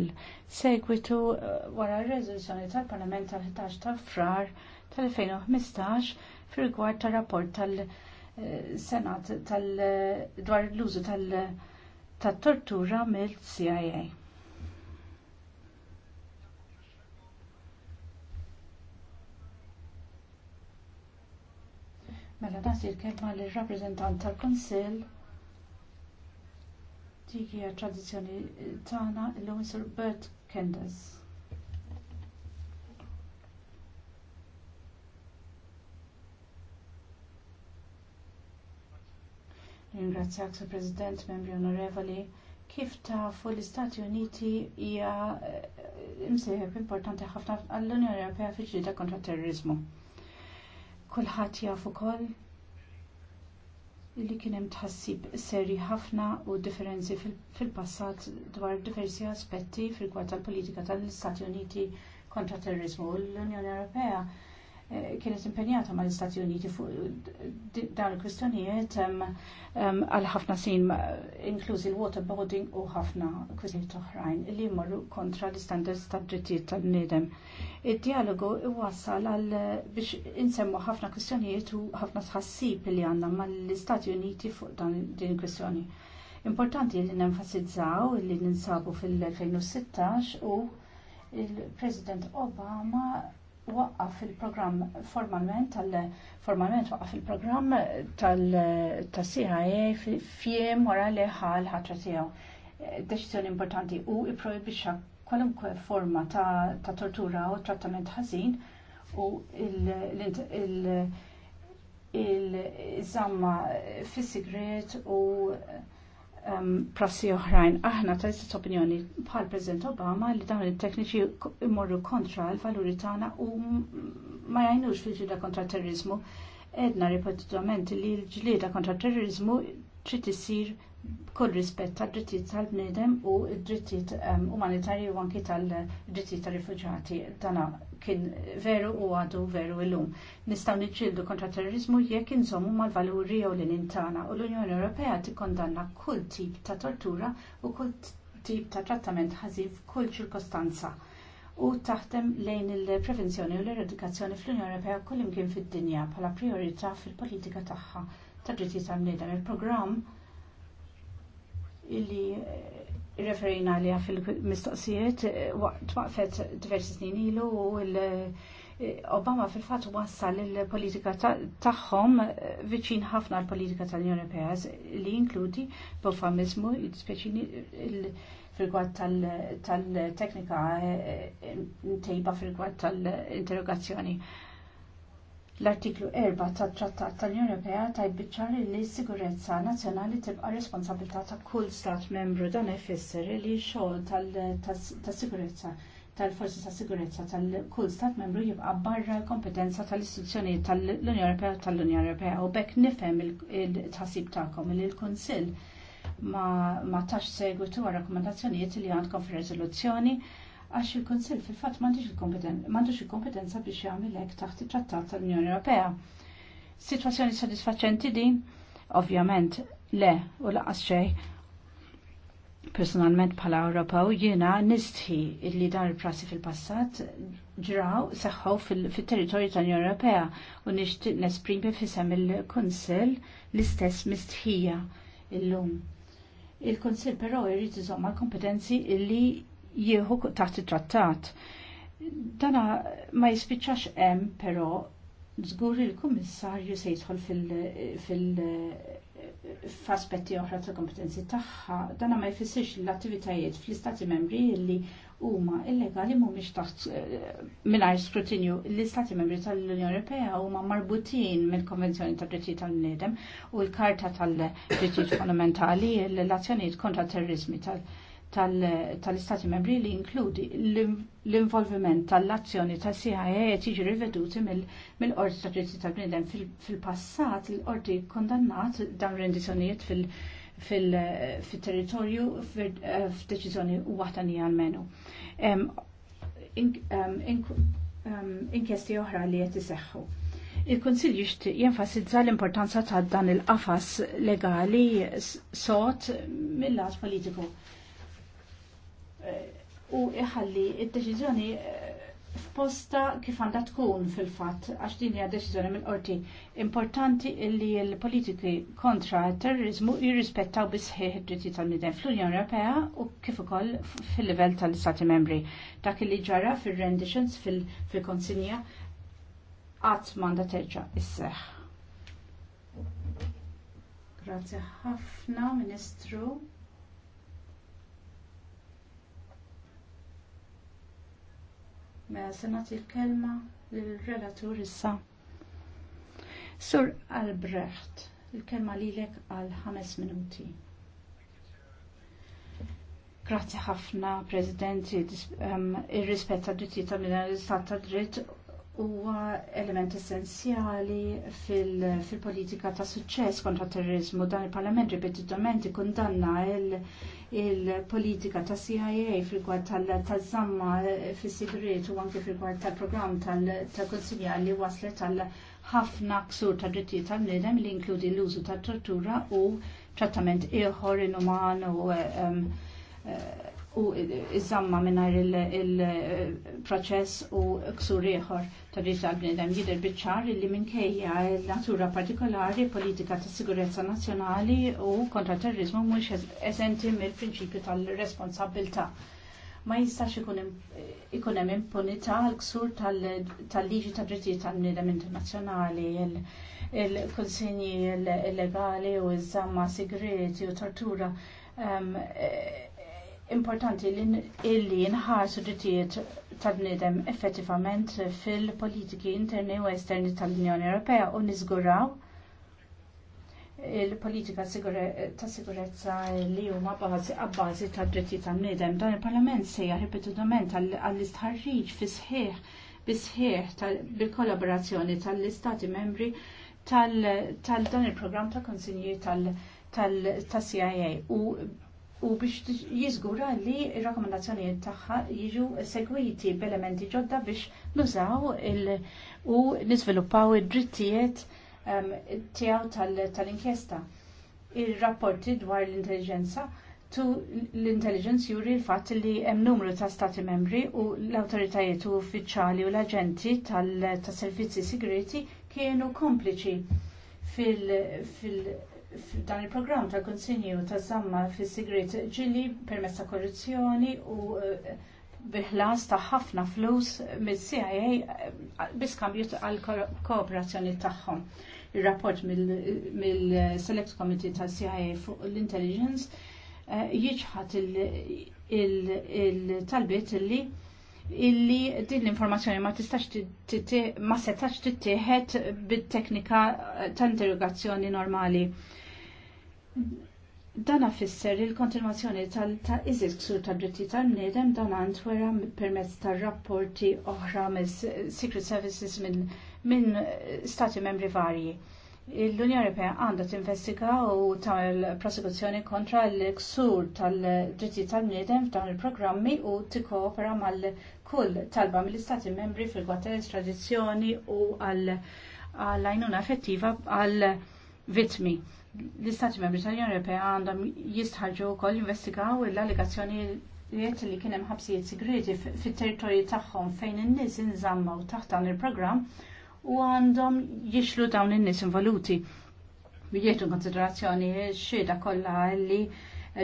il-segwitu uh, wara r-rezoluzzjoni tal-Parlament tal-11 ta' frar tal-2015 fir rigward tar rapport tal-Senat uh, uh, dwar l-użu tal-tortura mill-CIA. Mela nasir kemm kelma l-rappresentant tal-Konsil Dik hija tradizzjoni tagħna illum isir Bert Kendas. Ringrazzjak Sur President, membri onorevoli, kif tafu l-Istati Uniti hija eh, imsejħeb importanti ħafna għall-Unjoni Ewropea fil kontra terrorizmu. Kulħadd jaf ukoll li kien hemm tħassib seri ħafna u differenzi fil-passat dwar diversi aspetti fil-kwad tal-politika tal-Istati Uniti kontra terrorizmu. L-Unjoni Ewropea kienet impenjata mal istati Uniti fuq dawn il-kwistjonijiet għal ħafna sin inklużi l-waterboarding u ħafna kwistjonijiet oħrajn li jmorru kontra l-istandards tad drittijiet tal nidem Id-dialogu iwassal għal biex insemmu ħafna kwistjonijiet u ħafna sħassib li għandna mal-Istati Uniti fuq dan din il-kwistjoni. Importanti li nenfasizzaw li ninsabu fil-2016 u il-President Obama waqqaf il-programm formalment tal formalment waqqaf il-programm tal-CIA fjem wara li ħal ħatra tiegħu. Deċiżjoni importanti u ipprojbixxa kwalunkwe forma ta' tortura u trattament ħażin u il-żamma fis-sigret u prassi oħrajn. Aħna tajt opinjoni bħal President Obama li dawn il-tekniċi imorru kontra l-valuri tagħna u ma jgħinux fil ġlieda kontra terrorizmu. Edna ripetutament li l ġlieda kontra terrorizmu trid isir kull rispett tad drittijiet tal-bnedem u d-drittijiet ehm, umanitarji u anki tal-drittijiet tal rifuġjati Dana kien veru u għadu veru illum. Nistgħu niġġieldu kontra terrorizmu jekk inżommu mal-valuri u l-intana u l-Unjoni Ewropea tikkondanna kull tip ta' tortura u kull tip ta' trattament ħażin f'kull ċirkostanza u taħdem lejn il-prevenzjoni u l-eradikazzjoni fl-Unjoni Ewropea kullimkien fid-dinja bħala priorità fil-politika tagħha tad drittijiet tal-bnedem. Il-programm illi eh, referina li fil-mistoqsijiet eh, waqt waqfet diversi snin ilu u l eh, Obama fil-fat wassal il-politika tagħhom viċin ħafna l-politika tal-Unjoni Ewropea li inkludi l-eufemizmu, fil-gwad tal-teknika tejba fil-gwad tal-interrogazzjoni. L-artiklu 4 tat-Trattat tal-Unjoni Ewropea tajt li s-sigurezza nazzjonali tibqa' responsabilità ta' kull stat membru dan ifisser li x-xogħol tas-sigurezza tal-forzi ta' sigurezza tal-kull stat membru jibqa' barra l-kompetenza tal-istituzzjonijiet tal-Unjoni Ewropea tal-Unjoni Ewropea u bekk nifhem il-tħassib tagħkom li l-Kunsill ma, tax segwitu għal rakkomandazzjonijiet li għandkom fir-riżoluzzjoni għax il-Konsil fil fat m'għandux il-kompetenza biex jagħmel hekk taħt it-Trattat tal-Unjoni Ewropea. Sitwazzjoni soddisfaċenti din? Ovvjament, le, u laqqas xej. Personalment bħala u jiena nistħi li dan il-prassi fil-passat ġraw seħħu fil-territorju tal-Unjoni Ewropea u nixtieq nesprimi fisem il-Kunsill l-istess mistħija il-lum. Il-Konsil però jrid iżomma kompetenzi illi jieħu taħt it-trattat. Dana ma jispiċċax hemm però żgur il-kummissarju se jidħol fil- f'aspetti oħra ta' kompetenzi tagħha, dana ma jfissirx l-attivitajiet fl-istati membri li huma illegali mhumiex taħt mingħajr skrutinju l-istati membri tal-Unjoni Ewropea huma marbutin mill-Konvenzjoni ta' Drittijiet tal-Bniedem u l-Karta tal-Drittijiet Fundamentali l-azzjonijiet kontra terrorizmi tal- tal-Istati membri li inkludi l-involviment tal-azzjoni tal-CIA qed jiġi riveduti mill-Qorti ta' Diritti tal-Bniedem fil-passat l-Qorti kondannat dan rendizzjonijiet fil-territorju eh, f'deċiżjoni waħdanija għal-menu. Inkjesti oħra li qed iseħħu. Il-Konsil jixtieq jenfasizza l-importanza ta' dan il-qafas legali sot mill-lat politiku Eh, u iħalli id-deċiżjoni eh, f'posta kif għandha tkun fil-fatt għax din hija deċiżjoni mill-qorti importanti li l-politiki kontra terrorizmu jirrispettaw bisħieħ id-dritti tal bniedem fl-Unjoni Ewropea u kif ukoll fil-livell tal istati Membri. Dak li ġara fir-renditions fil-konsinja qatt m'għandha terġa' isseħħ. Grazie ħafna, Ministru. Mela se nagħti l-kelma lill-relatur issa. Sur Albrecht, il-kelma lilek għal ħames minuti. Grazzi ħafna, il ir d-dittita minna tal-istat tad dritt huwa element essenzjali fil-politika ta' suċċess kontra terrorizmu. Dan il-Parlament ripetitament ikkundanna il-politika ta' CIA fil-gwad tal-żamma fis-sigriet u anke fil-gwad tal-programm tal-konsilja li waslet tal ħafna ksur ta' drittijiet tal-bniedem li inkludi l-użu tat tortura u trattament ieħor inuman u um, eh, u iżamma minnar il-proċess eh, u ksur ieħor ta' dritt tal-bnedem jidher biċ-ċar li minkejja natura partikolari politika ta' sigurezza nazzjonali u kontra terrorizmu mux eżenti mill-prinċipju tal-responsabilità. Ma jistax ikun hemm impunità għal ksur tal-liġi ta' drittijiet tal-bnedem internazzjonali il-konsigni illegali u iżamma sigreti u tortura ehm, eh, importanti illi nħarsu drittijiet tal bnidem effettivament fil-politiki interni u esterni tal-Unjoni Ewropea u niżguraw il-politika ta' sigurezza li huma bażi għabbażi ta' dritti tal-bniedem. Dan il-Parlament sejja ripetutament għall-istħarriġ fi sħiħ bisħiħ bil-kollaborazzjoni tal-istati membri tal-dan il-programm ta' konsinji tal-CIA u u biex jizgura li il-rakkomandazzjonijiet tagħha jiġu segwiti b'elementi ġodda biex nużaw u niżviluppaw id-drittijiet um, tiegħu tal-inkjesta. Tal Il-rapporti dwar l-intelligenza tu l-intelligence juri l-fatt li hemm numru ta' stati membri u l-awtoritajiet u uffiċjali u l-aġenti tal-servizzi sigreti kienu kompliċi fil-, fil f'dan il-programm ta' konsinju ta' zamma fis sigrit ġili permezz ta' korruzzjoni u eh, biħlas ta' ħafna flus mill-CIA eh, biskambju għal kooperazzjoni tagħhom. Ir-rapport mill-Select Committee ta' CIA fuq l-Intelligence eh, jiġħat il-talbiet illi illi din l-informazzjoni ma tistax ma setax tittieħed bit-teknika eh, ta' interrogazzjoni normali. Dan affisser il-kontinuazzjoni tal-ta' iżis ksur ta' dritti tal nedem dan għand wera permezz ta' rapporti oħra mis Secret Services minn eh, stati membri varji. L-Unjoni Ewropea għandha tinvestiga u tagħmel prosekuzzjoni kontra l-ksur tal-dritti eh, tal-bniedem f'dan il-programmi u tikkoopera mal kull talba mill-Istati membri fil gwater estradizzjoni u għall-għajnuna effettiva għal vitmi L-Istati membri tal-Unjoni Ewropea għandhom jistħarġu wkoll investigaw l-allegazzjoni jiet li kienem ħabsijiet segreti fit-territorju tagħhom fejn in-nies inżammaw taħt dan il-programm u għandhom jixlu dawn in-nies involuti. Jieħdu konsiderazzjoni x-xieda kollha li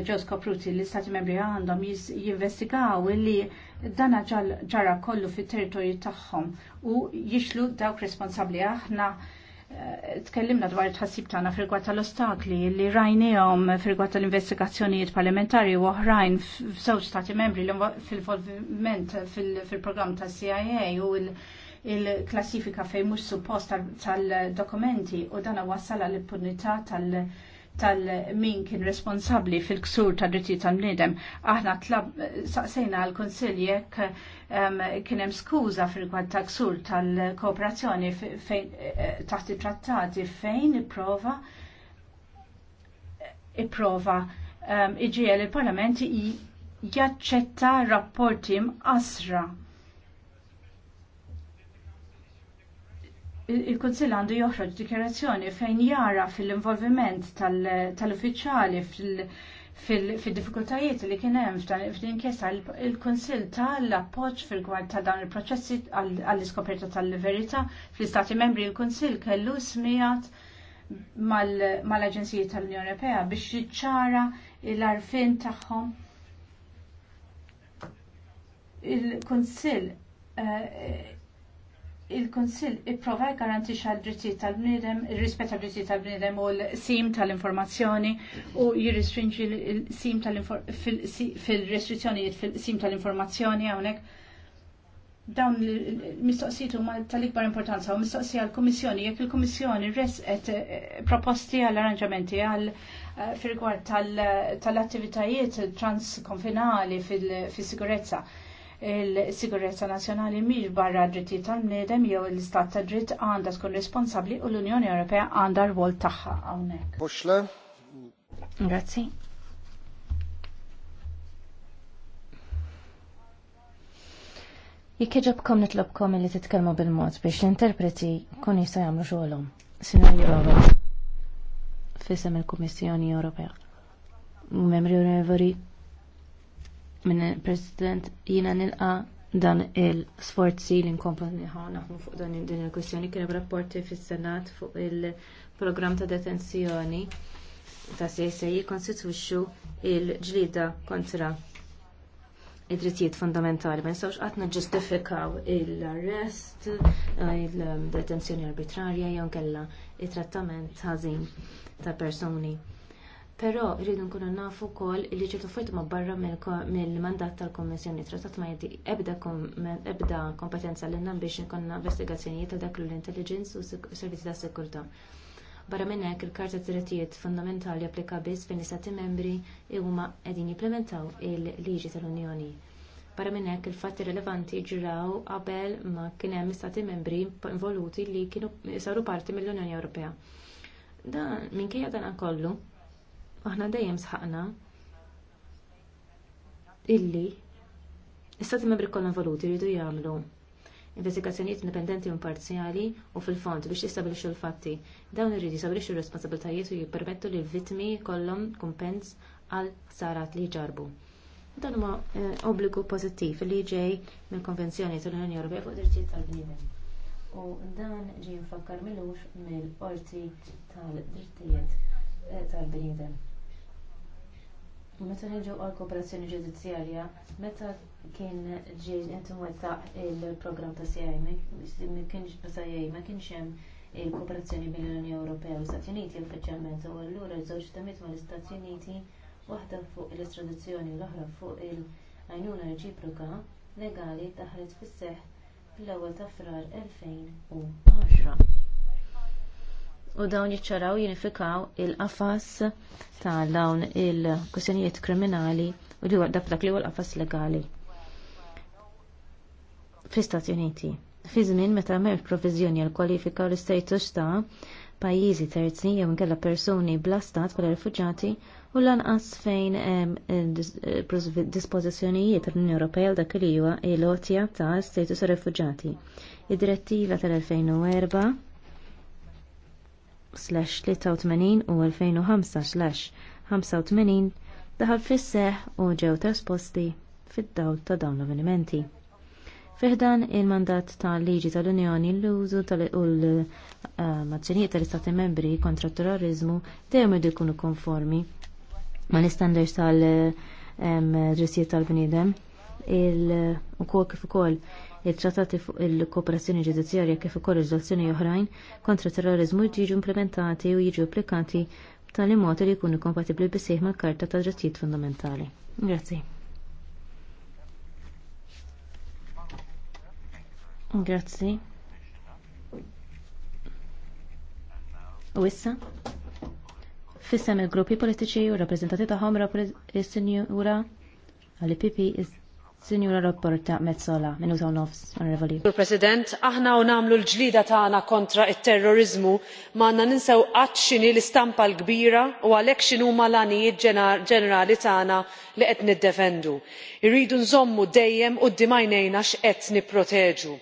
ġew skopruti l-Istati Membri għandhom jinvestigaw li dana ġara kollu fit territorju tagħhom u jixlu dawk responsabbli aħna eh, tkellimna dwar it-ħassib tagħna firgwa tal-ostakli li rajnihom firgwa tal-investigazzjonijiet parlamentari u oħrajn f'żewġ stati membri fil-volviment fil-programm tas-CIA u l- il-klassifika fejn mhux suppost tal-dokumenti u dan wassal l impunità tal-, -tal tal-min kien responsabli fil-ksur ta' dritti tal-bnidem. Aħna tlab saqsejna għal-konsil jekk um, kien hemm skuża fil-kwad ta' ksur tal-kooperazzjoni fejn eh, taħt trattati fejn ipprova ipprova um, iġiel il-Parlament jaċċetta rapporti mqasra il-Kunsill għandu joħroġ dikjerazzjoni fejn jara fil-involviment tal-uffiċjali fil-diffikultajiet li kien hemm fl il-Kunsill tal-appoġġ fil gwalt ta' dawn il-proċessi għall-iskoperta tal-verità fl-Istati membri il-Kunsill kellu smijat mal-Aġenziji tal-Unjoni Ewropea biex jiċċara l-arfin tagħhom. Il-Kunsill eh, il-Konsil ipprova garanti għal-drittijiet tal-bniedem, il rispet għal-drittijiet tal-bniedem u l-sim tal-informazzjoni u jirrestringi l-sim fil-restrizzjonijiet fil-sim tal-informazzjoni hawnhekk. Dawn il-mistoqsijiet tal-ikbar importanza u mistoqsija għall-Kummissjoni jekk il-Kummissjoni et eh, proposti għall-arranġamenti għal eh, fil-rigward tal-attivitajiet transkonfinali fil-sigurezza. fil tal attivitajiet transkonfinali fil sigurezza fil il-sigurezza nazjonali mhix barra drittijiet tal-bniedem jew l-istat ta' dritt għandha tkun responsabbli u l-Unjoni Ewropea għandha rwol tagħha hawnhekk. Buxle. Grazzi. Jekk iġobkom nitlobkom li titkellmu bil-mod biex l-interpreti kun jista' jagħmlu xogħolhom. Sinjor Jorova fisem il-Kummissjoni Ewropea. Membri onorevoli minn President jina nilqa dan il-sforzi li nkomplu naħmu fuq dan din il-kwestjoni kien rapporti fis-Senat fuq il-programm ta' detenzjoni ta' sejsej jikonstituxxu il-ġlida kontra id-drittijiet fundamentali. Ma nistgħux qatt ġustifikaw il-arrest, il-detenzjoni arbitrarja jew il it-trattament ħażin ta' persuni Però rridu nkunu nafu wkoll li ċertu forti ma barra mill-mandat tal-Kommissjoni trattat ma jdi ebda kompetenza l-inna biex nkunna investigazzjonijiet ta' dak l-intelligence u servizzi ta' sekurta. Barra minn hekk il-Karta t-trattijiet Fundamentali applika biss fejn istati membri e huma qegħdin jipplementaw il-liġi tal-Unjoni. Barra minn hekk il-fatti rilevanti ġiraw qabel ma kien hemm istati membri involuti li kienu saru parti mill-Unjoni Ewropea. Dan minkejja dan kollu, aħna dejjem sħaqna illi Istati membri kollha involuti jridu jagħmlu investigazzjonijiet indipendenti u imparzjali u fil-fond biex jistabilixxu l-fatti. Dawn irridu jistabilixxu r-responsabiltajiet u jippermettu li l-vittmi kollhom kumpens għal ħsarat li ġarbu. Dan huwa eh, obbligu pożittiv li ġej mill-Konvenzjoni tal-Unjoni Ewropea fuq id-Drittijiet tal-Bniedem. U dan ġie mfakkar milux mill-Qorti tal-Drittijiet eh, tal-Bniedem. Meta nerġgħu għal kooperazzjoni ġudizzjarja, meta kien ġej intom wettaq il-program ta' CIA, ma kienx basa ma kienx hemm il-kooperazzjoni l unjoni Ewropea u Stati Uniti uffiċjalment u allura żewġ tamiet mal istati Uniti waħda fuq l-estradizzjoni u l-oħra fuq il-għajnuna reċiproka legali taħret fis-seħħ fl-ewwel ta' frar 2010 u dawn jiċċaraw jinifikaw il-qafas ta' dawn il-kwistjonijiet kriminali u li dak dak li huwa l-qafas legali. Fl-Istati Uniti, fi żmien meta mer proviżjoni għal kwalifika u l-istatus ta' pajjiżi terzi jew inkella persuni bla stat bħala rifuġjati u lanqas fejn hemm dispożizzjonijiet tal-Unjoni Ewropea dak li huwa l-lotja ta' status rifuġjati. Id-direttiva tal-2004 slash 83 u 2005 slash 85 daħal fis u ġew trasposti fid-dawl ta' dawn l-avvenimenti. Fiħdan il-mandat tal-liġi tal-Unjoni l-użu tal-mazzjonijiet tal-Istati membri kontra terrorizmu dejjem irid ikunu konformi ma' l-istandards tal-drittijiet tal-bniedem il ukoll kif ukoll Il-trattati fuq il-kooperazzjoni ġudizzjarja kif ukoll leġiżlazzjoni oħrajn kontra terrorizmu jiġu implementati u jiġu applikati b'tali mod li jkunu kompatibbli bisih mal-Karta ta' Drittijiet Fundamentali. Grazzi. Grazzi. U issa? Fissem il-gruppi politiċi u rappreżentati tagħhom is-sinjura għall-PP Sinjura Rapporta Mezzola, minuta nofs, onorevoli. Sur President, aħna u namlu l-ġlida tagħna kontra it-terrorizmu ma ninsew qatt l-istampa l-kbira u għalhekk x'inhu huma l ġenerali tagħna li qed niddefendu. Irridu nżommu dejjem quddiem għajnejna x'qed nipproteġu.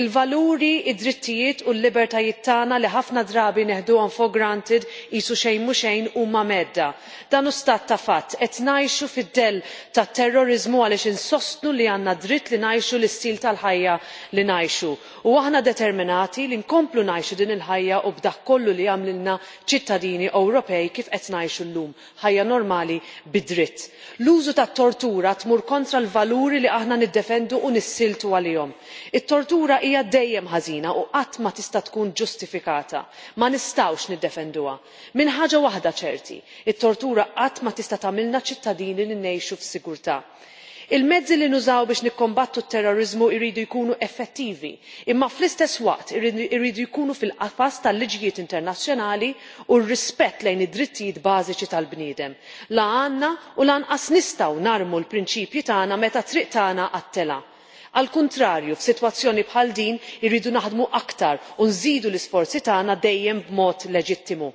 Il-valuri, id-drittijiet u l-libertajiet tagħna li ħafna drabi neħduhom fo granted qisu xejn mu xejn huma medda. Dan stat ta' fatt qed ngħixu fid-dell tat-terrorizmu għaliex insostu innostnu li għandna dritt li ngħixu l-istil tal-ħajja li ngħixu u aħna determinati li nkomplu ngħixu din il-ħajja u b'dak kollu li għamlilna ċittadini ewropej kif qed ngħixu llum ħajja normali bid-dritt. l-użu tat-tortura tmur kontra l-valuri li aħna niddefendu u nissiltu għalihom. it-tortura hija dejjem ħażina u qatt ma tista' tkun ġustifikata ma nistgħux niddefenduha. minn ħaġa waħda ċerti it-tortura qatt ma tista' tagħmilna ċittadini li ngħixu f'sigurtà il mezzi li nużaw biex nikkombattu t terrorizmu jridu jkunu effettivi imma fl istess waqt iridu jkunu fil qafas tal liġijiet internazzjonali u r-rispett lejn id drittijiet bażiċi tal bniedem la għandna u lanqas nistgħu narmu l-prinċipji tagħna meta t-triq tagħna għat-telgħa għal kuntrarju f'sitwazzjoni bħal din irridu naħdmu aktar u nżidu l isforzi tagħna dejjem b'mod leġittimu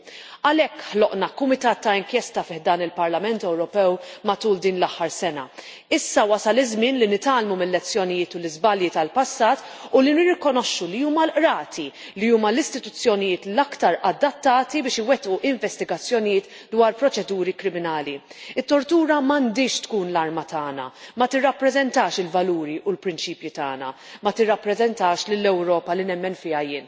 għalhekk ħloqna kumitat ta' inkjesta fih dan il parlament ewropew matul din l aħħar sena. issa wasal iż-żmien li nitgħallmu mill-lezzjonijiet u l-iżbalji tal passat u li nirrikonoxxu li huma l qrati li huma l-istituzzjonijiet l-aktar adattati biex iwettqu investigazzjonijiet dwar proċeduri kriminali. it tortura m'għandix tkun l arma tagħna ma tirrappreżentax il valuri u l prinċipji tagħna ma tirrappreżentax lill ewropa li nemmen fiha jien.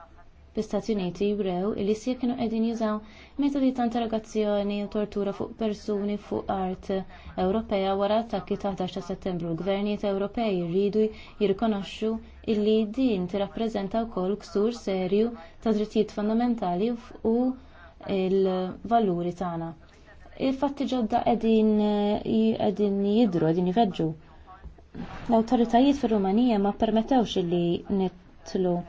fl-Istati Uniti jibrew li sir kienu qegħdin jużaw metodi ta' interrogazzjoni u tortura fuq persuni fuq art Ewropea wara attakki ta' 11 ta' Settembru. Gvernijiet Ewropej jridu jirrikonoxxu illi din tirrappreżenta wkoll ksur serju ta' drittijiet fondamentali u il-valuri tagħna. Il-fatti ġodda qegħdin jidhru, qegħdin jveġġu. L-awtoritajiet fir-Rumanija ma permettewx illi nitlu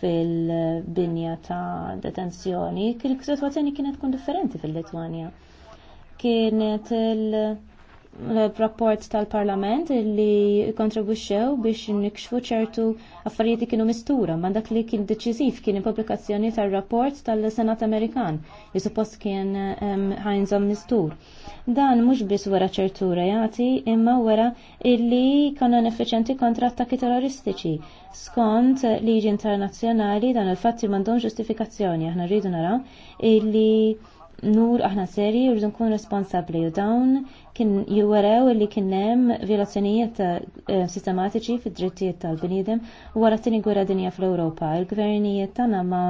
fil-binja ta' detenzjoni, kien situazzjoni kienet tkun differenti fil-Litwanja. Kienet il- rapport tal-Parlament li kontribuxxew biex nikxfu ċertu affarijiet kienu mistura ma' dak li kien deċiżiv kien il-pubblikazzjoni tar-rapport tal-Senat Amerikan li suppost kien ħajnza mistur. Dan mhux biss wara ċertu rejati imma wara illi konna effiċenti kontra attakki terroristiċi. Skont liġi internazzjonali dan il-fatti m'għandhom ġustifikazzjoni aħna rridu naraw illi nur aħna serji u rridu nkun responsabbli u dawn kien jwerew li kien hemm violazzjonijiet eh, sistematiċi fid-drittijiet tal-bniedem wara t gwerra dinja fl-Ewropa. Il-gvernijiet tagħna ma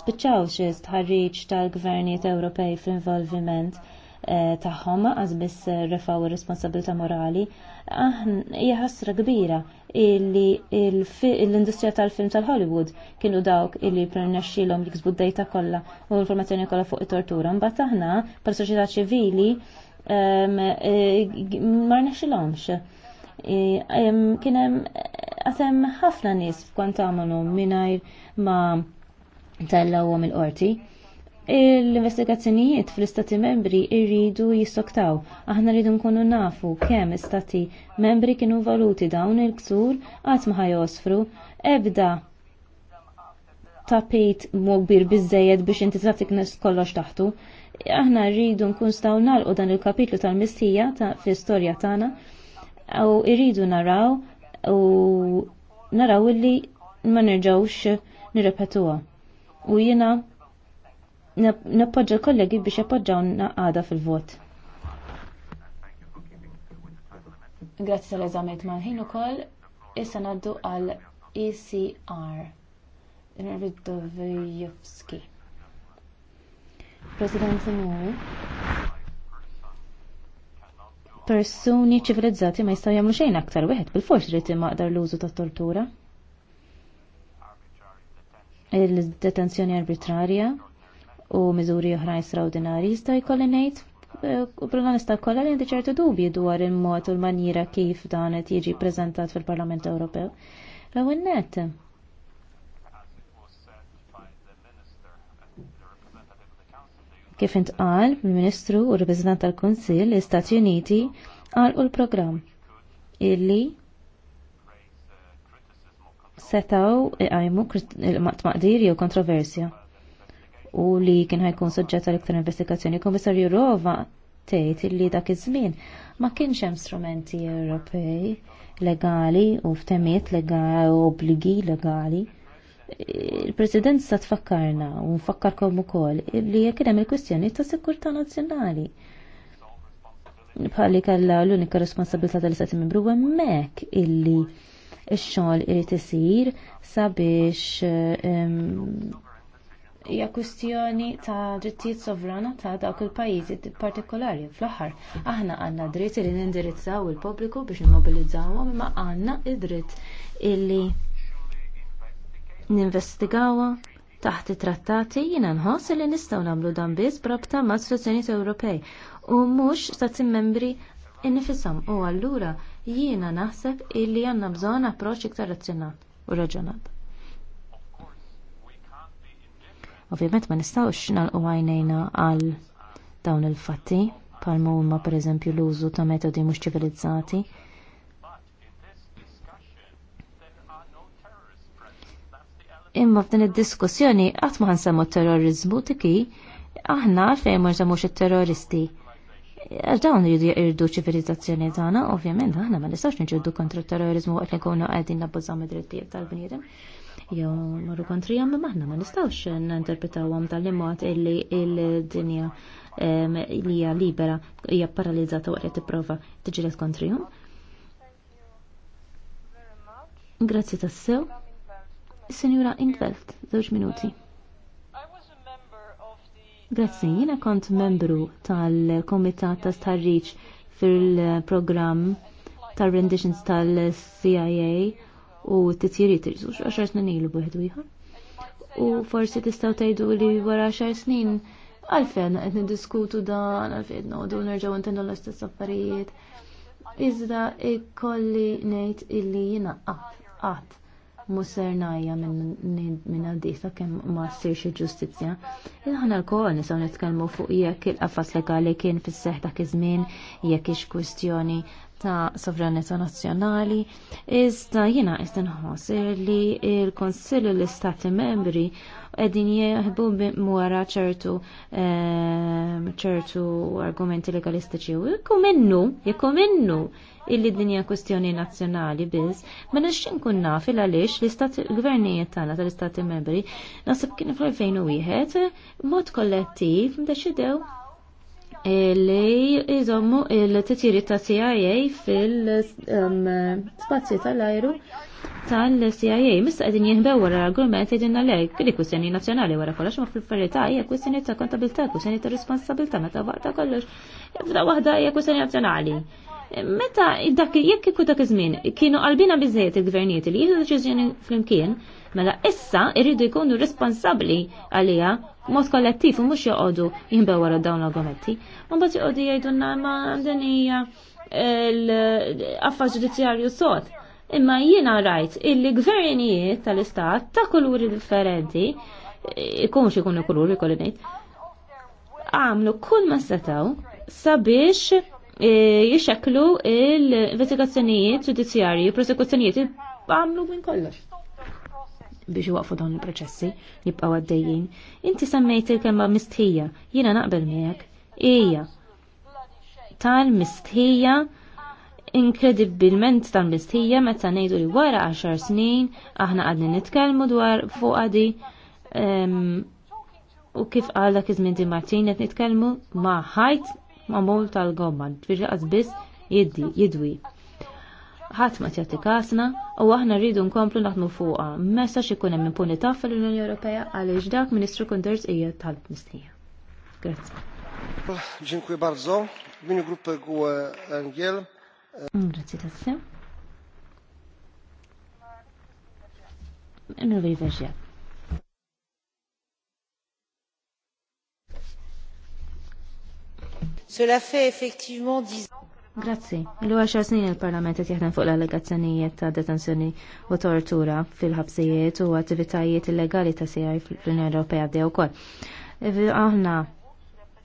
spiċċawx tħarriġ tal-gvernijiet Ewropej fl-involviment eh, tagħhom għażbiss refaw ir-responsabilità morali, aħna hija ħasra kbira illi l-industrija tal-film tal-Hollywood kienu dawk illi pernexxilhom jiksbu d-dejta kollha u l-informazzjoni kollha fuq it-tortura. Mbagħad aħna per soċjetà ċivili eh, ma rnexxilhomx. Kien hemm għatem ħafna nies f'kont għamlu mingħajr ma tellawhom il-qorti l-investigazzjonijiet fl-istati membri irridu jissoktaw. Aħna rridu nkunu nafu kemm istati membri kienu valuti dawn il-ksur għat ma ħajosfru ebda tapit mogbir bizzejed biex inti taf tiknes kollox taħtu. Aħna rridu nkun staw nalqu dan il-kapitlu tal-mistija ta fl-istorja tagħna u irridu naraw u naraw illi ma nerġawx nirrepetua. U jiena nappoġġa l-kollegi biex jappoġġaw naqada fil-vot. Grazzi tal eżamet mal-ħin ukoll, issa naddu għal ECR. Ridovjevski. President Zemuri. Persuni ċivilizzati ma jistaw jagħmlu xejn aktar wieħed bil-forsi rrid imaqdar l-użu ta' tortura Il-detenzjoni arbitrarja, u miżuri oħrajn straordinari jista' jkolli ngħid eh, protagonista kollha li għandi ċertu dubji dwar il-mod u l-manjira kif dan qed jiġi preżentat fil-Parlament Ewropew. L-ewwel nett. Kif intqal il ministru u r-Repreżentant tal-Kunsill l-Istati Uniti għalqu l-programm illi setaw iqajmu il maqdiri jew kontroversja u li kien ħajkun soġġett għal iktar investigazzjoni. Komissarju Rova tgħid li dak iż-żmien ma kienx hemm strumenti Ewropej legali u ftemiet legali u obbligi legali. Il-President sa tfakkarna u nfakkarkom ukoll li jekk hemm il-kwistjoni ta' sikurtà nazzjonali bħalli kellha l-unika responsabilità tal-istati membru u hemmhekk illi x-xogħol irid isir sabiex ehm, hija kwistjoni ta' drittijiet sovrana ta' dawk il-pajjiżi partikolari fl-aħħar. Aħna għandna dritt li nindirizzaw il-pubbliku biex nimmobilizzawhom imma għandna id-dritt illi ninvestigawha taħt it-trattati jiena nħoss li nistgħu nagħmlu dan biss brabta ma' istituzzjonijiet Ewropej u mhux stati membri innifisam u allura jiena naħseb illi għandna bżonn approċċ iktar razzjonat u raġunat. Ovvjament ma nistawx nalqu għajnejna għal dawn il-fatti, palma huma per eżempju l-użu ta' metodi mhux ċivilizzati. Imma f'din id-diskussjoni qatt ma ħansemmu terrorizmu tiki aħna fejn ma nsemux it-terroristi. Dawn jridu jirdu ċivilizzazzjoni tagħna, ovvjament aħna ma nistgħux niġġieldu kontra t-terrorizmu waqt li nkunu qegħdin nabbużaw mid-drittijiet tal-bniedem jew marru kontri ma maħna ma nistawx ninterpretawhom tal limot illi il-dinja li hija libera hija paralizzata waqt qed tipprova tiġilet kontrihom. Grazzi tassew. Signora Intvelt, żewġ minuti. Grazzi, jiena kont membru tal-Komitat ta' Starriċ fil-programm tal-renditions tal-CIA u t irżux, għaxar snin ilu bħed U forsi tistgħu tgħidu li wara għaxar snin għalfejn qed niddiskutu dan għalfejn nerġaw nerġgħu tendu l-istess affarijiet. Iżda ikolli ngħid illi jiena qatt musernajja minn disa kem ma s-sirx il-ġustizja. Ħana l-kol nisaw nitkelmu fuq jek il-qafas legali kien fis seħta kizmin, jek żmien jekk ix kwistjoni ta' sovranità nazzjonali, iżda jiena qed inħoss li l-Konsilju l-Istati Membri qegħdin jieħbu wara ċertu ehm, ċertu argumenti legalistiċi u jekk minnu, jekk minnu illi dinja kwestjoni nazzjonali biss, ma nix kunna naf il għaliex l istat gvernijiet tagħna tal-istati membri nasib kien fl-2001 mod kollettiv mdaċidew li jżommu il titiri ta' CIA fil-spazju um, tal-ajru tal-CIA. Mista għedin jihbew wara argument għedin għalek, li kwistjoni nazjonali wara kollox, ma fil ferita hija kwistjoni ta' kontabilta, kwistjoni ta' responsabilta, meta waqta kollox, f'da waħda hija kwistjoni nazjonali. Meta dak jekk ikun dak iż-żmien kienu qalbina biżejjed il-gvernijiet li jieħdu deċiżjoni flimkien, mela issa irridu jkunu responsabbli għalija mod kollettiv u mhux joqogħdu jinbew wara dawn l-argumenti. Mbagħad joqogħdu jgħidunna ma din hija l-affa ġudizzjarju sod. Imma jiena rajt illi gvernijiet tal-istat ta' kuluri differenti xi jkunu kuluri kolli ngħid għamlu kull ma setaw sabiex e, jixeklu l-investigazzjonijiet ġudizzjarji, prosekuzzjonijiet għamlu minn kollox biex waqfu dawn il-proċessi jibqa' għaddejjin. Inti semmejt il-kelma mistħija, jiena naqbel miegħek. Ija. Tal-mistħija inkredibilment tal-mistħija meta ngħidu li wara 10 snin aħna għadni nitkellmu dwar fuq għadi u kif għalda dak di Martin qed nitkellmu ma' ħajt ma' mol tal-gomma, tfiġaqas biss jiddi, jidwi ħadd ma tjagħti kasna u aħna rridu nkomplu naħdmu fuqha. Mesa jkun hemm impunità fil-Unjoni Ewropea għaliex dak Ministru Kunders hija tal-Mistija. Grazzi. Oh, dziękuję bardzo. W imieniu grupy GUE Engiel. Grazie tasse. Cela fait effectivement 10 ans. Grazzi. Illu għaxar snin il-Parlament qed jaħdem fuq l-allegazzjonijiet ta' detenzjoni u tortura fil-ħabsijiet u attivitajiet illegali ta' CI fl-Unjoni Ewropea bdew ukoll. Aħna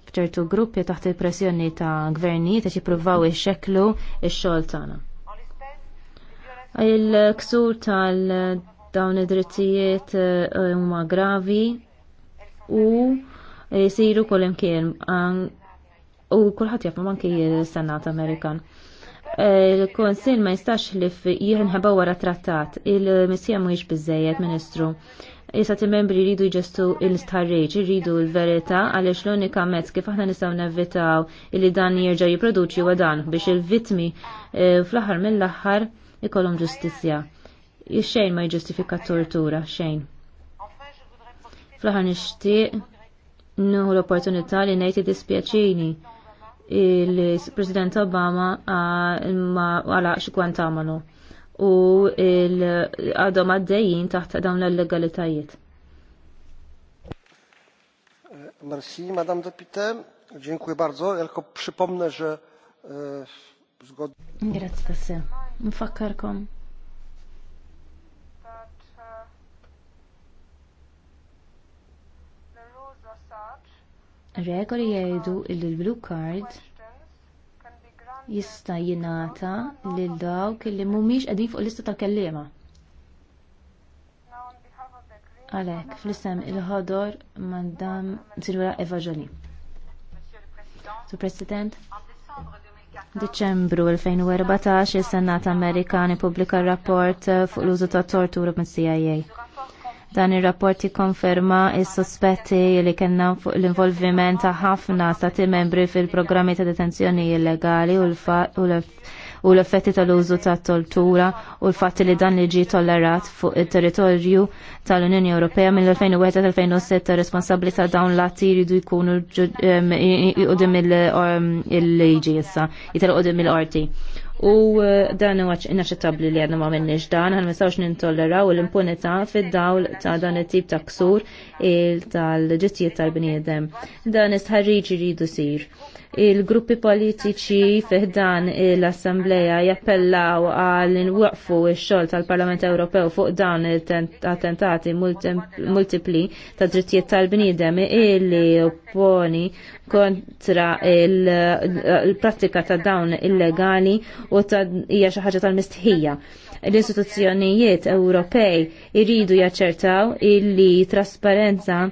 f'ċertu gruppi taħt il-pressjoni ta' gvernijiet qed jippruvaw ix-xeklu ix xogħol tagħna. Il-ksur tal-dawn id-drittijiet eh, huma gravi u jisiru kol imkien u kulħadd jaf manki s-Senat Amerikan. Eh, Il-Konsil ma jistax li jieħnħeba wara trattat, il-missija mhuwiex biżejjed Ministru. Isat il-membri jridu jġestu il-starriċ, rridu il-verita, għalix l-unika mezz kif aħna nistaw nevitaw li dan jirġa jiproduċi u dan biex il-vitmi eh, fl-aħħar mill-aħħar ikollhom ġustizzja. Xejn ma jġustifika tortura, xejn. Fl-aħħar nixtieq nuhu l-opportunità li ngħid dispjaċini il-President Obama għala xikwant għamalu u għadhom għaddejjin taħt dawn l-legalitajiet. E, merci, Madame Deputé. Dziękuję bardzo. Tylko przypomnę, że e, zgodnie. Grazie, Mfakarkom. regoli jgħidu li l-blue card jista' jingħata lil dawk li mhumiex qegħdin fuq lista ta' kelliema. Għalhekk fl-isem il-ħodor Madam Silvia Eva Jolie. Su President, Deċembru 2014 il-Senat Amerikan r rapport eh, fuq l-użu ta' tortura minn CIA Dan ir-rapporti konferma is-sospetti li kellna fuq l-involviment ta' ħafna stati membri fil-programmi ta' detenzjoni illegali u l-effetti tal-użu ta' tortura u l fatti li dan li ġi tollerat fuq il-territorju tal-Unjoni Ewropea mill-2001 tal-2006 responsabli ta' dawn l-atti jridu jkunu jqudim il-liġi issa, jital il-qorti u uh, dan huwa inaċċettabbli li għadna ma minniex dan, għan mistawx nintolleraw l-impunità fid-dawl ta' dan it-tip ta' ksur tal-ġittijiet tal-bniedem. Dan istħarriġi iridu sir il-gruppi politiċi fiħdan l-Assembleja jappellaw għal nwaqfu il xol tal-Parlament Ewropew fuq dawn l attentati multipli ta' drittijiet tal-bniedem illi opponi kontra il-prattika ta' dawn illegali u ta' hija xi ħaġa tal-mistħija l-istituzzjonijiet Ewropej iridu jaċċertaw illi trasparenza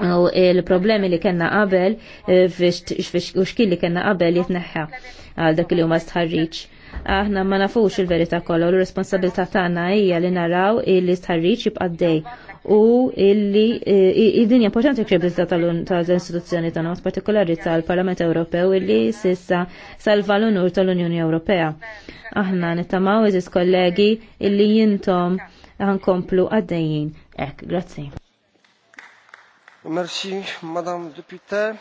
u il-problemi li kena qabel eh, u xkien li kena qabel jitneħħa għal dak li huma stħarriċ. Aħna ma nafux il-verità kollha u l-responsabilità tagħna hija li naraw illi stħarriċ jibqaddej dej u illi eh, id-dinja importanti kredibilità tal-istituzzjoni tagħna, partikolari tal-Parlament Ewropew illi sissa salva l-unur tal-Unjoni Ewropea. Aħna nittamaw iżis kollegi illi jintom ħankomplu għaddejjin. Ek, grazzi. Merci, Madame Députée.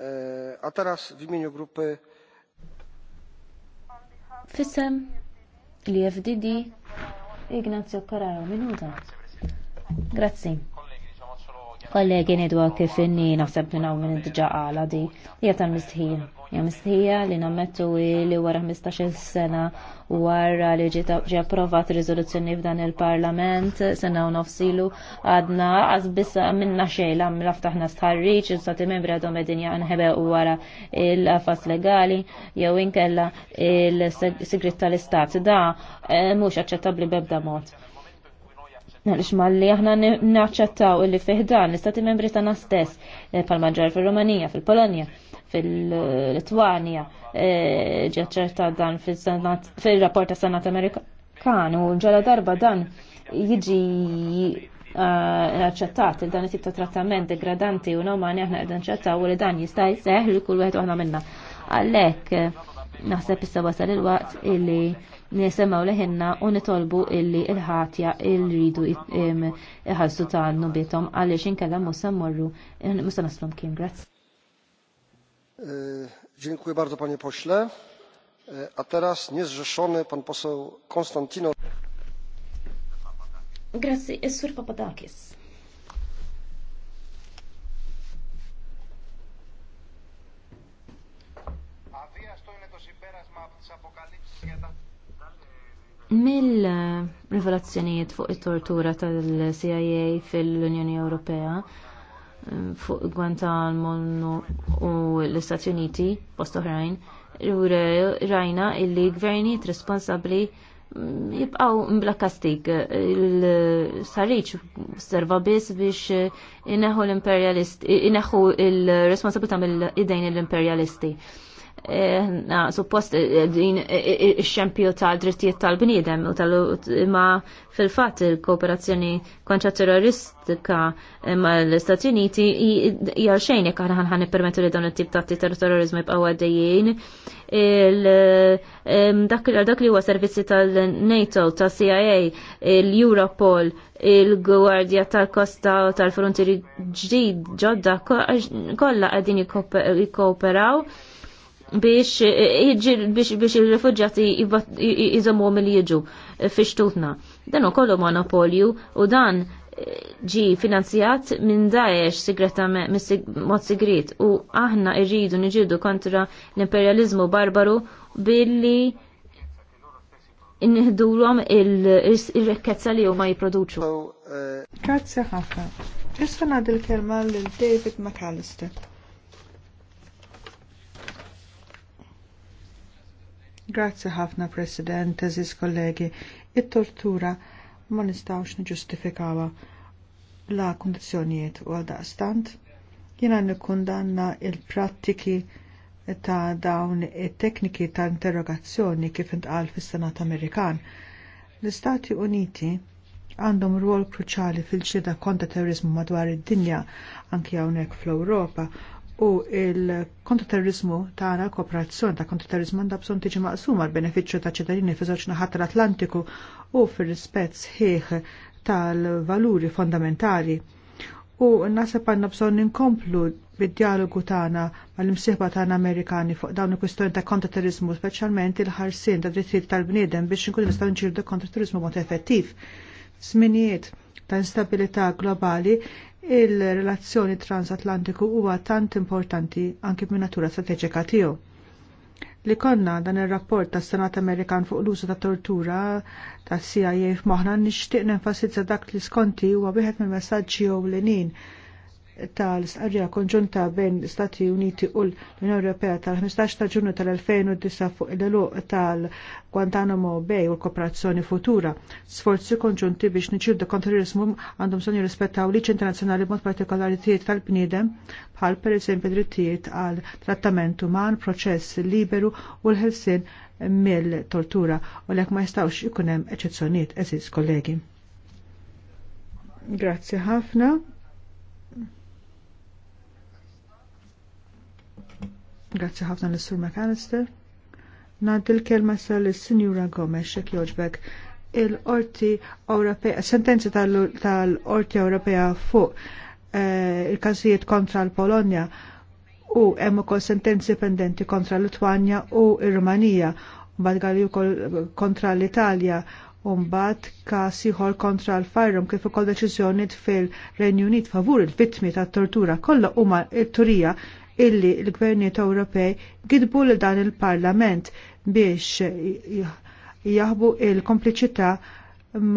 Euh, A teraz w imieniu grupy Fissem li FDD Ignazio Carraro, minuta. Grazzi. Kollegi nidwa kif inni naħseb minn hawn minn di hija tal Jam li nammettu li wara 15 sena wara li ġi approvat riżoluzzjoni f'dan il-parlament sena u nofsilu għadna bissa minna xej lam laftaħna stħarriċ il-stati membri għadhom edin jaqnħebe u wara il fas legali jew inkella il-segret tal-istat da eh, mhux aċċettabbli bebda mod. Għalix malli aħna naċċettaw illi fiħdan l-istati membri tana stess, eh, pal-maġġar fil-Romanija, fil-Polonja, fil-Litwanja e, ġaċċerta dan fil-rapport ta' Senat Amerikan u ġala darba dan jiġi e, aċċettat il dan it ta' trattament degradanti u nomani aħna qegħdin ċettaw li dan jista' jseħħ li kull wieħed aħna minna. Għalhekk e, naħseb issa wasal il-waqt illi nisemgħu leħinna u nitolbu illi il-ħatja il-ridu iħallsu ta' nubitom għaliex inkella musa morru musa naslhom kien grazzi. E, dziękuję bardzo panie pośle. E, a teraz niezrzeszony pan poseł Konstantino. Papadakis. Mill-rivelazzjonijiet fuq it-tortura tal-CIA fil-Unjoni Ewropea, fuq Guantanamo u l-Istati Uniti, post oħrajn, u rajna illi gvernijiet responsabbli mm, jibqaw mblakastik kastik il-sarriċ serva biss biex ineħħu l-imperialisti, ineħu il-responsabilta mill-idejn l-imperialisti. Eh, suppost eh, din eh, ix-xempju tal-drittijiet tal-bniedem u tal ma fil-fatt il-kooperazzjoni kontra terroristika ma l-Istati Uniti hija xejn jekk aħna ħan nippermettu li dan il tip ta' terrorizmu jibqgħu għaddejjien. Dak li huwa servizzi tal-NATO, tal-CIA, l-Europol, il-Gwardja tal-Kosta u tal-Frontieri ġdid ġodda kollha qegħdin jikkooperaw biex biex il-refugġati jizomu mill jiġu eh, fiex tutna. Dan u kollu monopolju u dan eh, ġi finanzjat minn Daesh sigreta mod sigrit u aħna irridu nġidu kontra l-imperializmu barbaru billi innihdulhom il-rekkezza li huma jipproduċu. Eh, Grazie ħafna. Issa ngħaddi l-kelma lil David McAllister. Grazzi ħafna, President, eżis kollegi. It-tortura ma nistawx niġustifikawa la kondizjonijiet u għaldaqstant. Jina nikkundanna il-prattiki ta' dawn it-tekniki ta' interrogazzjoni kif intqal fis-Senat Amerikan. L-Istati Uniti għandhom rwol kruċali fil-ġida kontra terrorizmu madwar id-dinja anki hawnhekk fl-Ewropa u il-kontraterrorizmu tara kooperazzjoni ta' kontraterrorizmu għandha bżonn tiġi maqsuma l-benefiċċju ta' ċittadini fi żewġ naħat tal-Atlantiku u fir-rispett sħiħ tal-valuri fondamentali. U naħseb għandna bżonn inkomplu bid-dialogu tagħna mal-imsieħba tagħna Amerikani fuq dawn il-kwistjoni ta' kontraterrorizmu, speċjalment il-ħarsien ta' drittijiet tal-bniedem biex inkunu nistgħu nġirdu kontraterrorizmu mod effettiv. Sminijiet ta' instabilità globali il-relazzjoni transatlantiku huwa tant importanti anki minn natura strateġika tiegħu. Li konna dan ir-rapport tas Senat Amerikan fuq l-użu ta' tortura tas CIA f'moħħna nixtieq nenfasizza dak li skonti huwa wieħed mill-messaġġi ewlenin tal-istqarrija konġunta bejn l-Stati Uniti u l-Unjoni Ewropea tal-15 ta' ġunju tal-2009 fuq il-luq tal-Guantanamo Bay u l-kooperazzjoni futura. Sforzi konġunti biex niċildu kontrariżmu għandhom sonju jirrispettaw liċi internazzjonali mod partikolari tiet tal-bniedem bħal per eżempju drittijiet għal trattament uman, proċess liberu u l-ħelsin mill-tortura u lek ma jistawx ikunem eċezzjoniet eżis kollegi. Grazie ħafna. Grazzi ħafna l-Sur McAllister. Nad il-kelma sal sinjura Gomes, xek joġbek. Il-Orti Ewropea, sentenza tal-Orti Ewropea fuq eh, il-kazijiet kontra l-Polonja u hemm ukoll sentenzi pendenti kontra l-Litwanja u r-Rumanija, mbagħad galli wkoll kontra l-Italja u mbagħad każ ieħor kontra l-fajrum kif ukoll deċiżjoni fil-Renju Unit favur il-vittmi tat-tortura kollha huma t-turija illi l-gvernijiet Ewropej gidbu l dan il-Parlament biex jaħbu il-kompliċità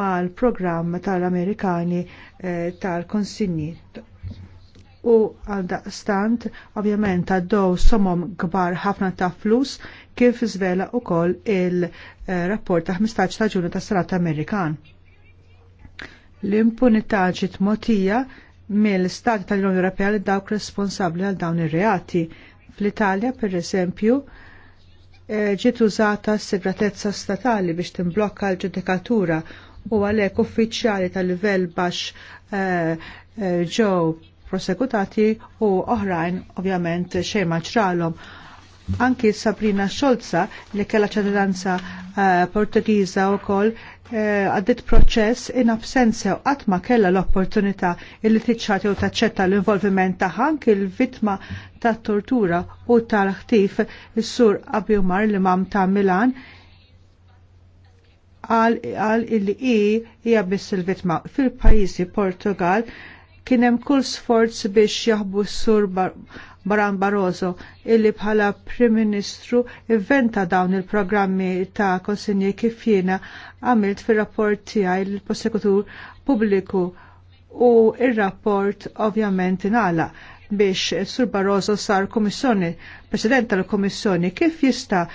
mal-programm tal-Amerikani eh, tal-konsigni. U għaldaqstant, ovvjament, għaddew somom kbar ħafna ta' flus kif zvela u koll il-rapport ta' 15 ta' ġunju ta' Salat Amerikan. L-impunità ġiet motija mill-Stati tal-Unjoni Ewropea li dawk responsabbli għal dawn ir-reati. Fl-Italja, pereżempju, eh, ġiet użata s-segretezza statali biex timblokka l-ġudikatura u għalhekk uffiċjali tal-livell baxx eh, eh, ġew prosekutati u oħrajn ovvjament xejn ma ġralhom anki Sabrina Xolza li kella ċadanza Portugiża wkoll Eh, għaddit proċess in absenza u għatma kella l-opportunità illi tiċċat u taċċetta l-involviment taħank il-vitma ta' tortura u tal-ħtif il-sur Abjumar li mam ta' Milan għal illi i hija biss il-vitma fil-pajjiżi Portugal Kien hemm kull sforz biex jaħbu s-sur Baran Barroso illi bħala Prim Ministru ivventa dawn il-programmi ta' konsinji kif jiena għamilt fir-rapport tiegħi l-prosekutur pubbliku u il rapport ovvjament inala biex Sur Barroso sar komissjoni, president tal-komissjoni, kif jista